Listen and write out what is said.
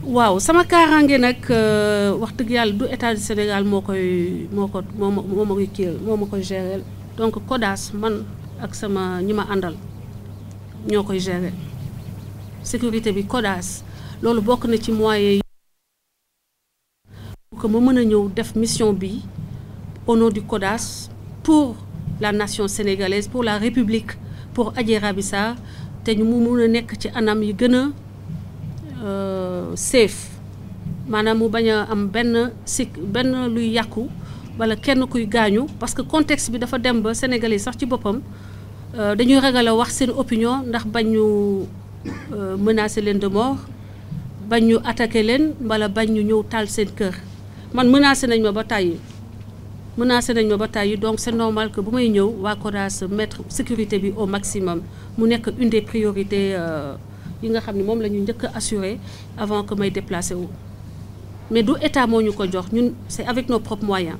waaw sama kaaraange nag euh, wax dëgg yàlla du état du Sénégal moo koy moo ko moo ma moo ma koy kiiyal donc kodaas man ak sama ñi ma àndal ñoo koy gérer sécurité bi kodaas loolu bokk na ci moyens yi. pour que ma mën a ñëw def mission bi au nom du CODAS pour la nation sénégalaise pour la république pour Adji Raby Sarr te ñu mu mun a nekk ci anam yi gën a. Euh, safe maanaam mu bañ am benn sikk benn luy yàqu wala kenn kuy gaañu parce que contexte bi dafa dem ba Sénégalais sax ci boppam euh, dañuy ragal a wax seen opinion ndax bañ ñu euh, menacer leen de bañ ñu attaquer leen wala bañ ñu ñëw taal seen kër man menacé nañ ma ba tàyyi menacé nañ ma ba tàyyi donc c'est normal que bu may ñëw waa CODAS mettre sécurité bi au maximum mu nekk une des priorités. yi nga xam ne moom la ñu njëkk a avant que may déplacé wu mais du état moo ñu ko jox ñun c'est avec nos propres moyens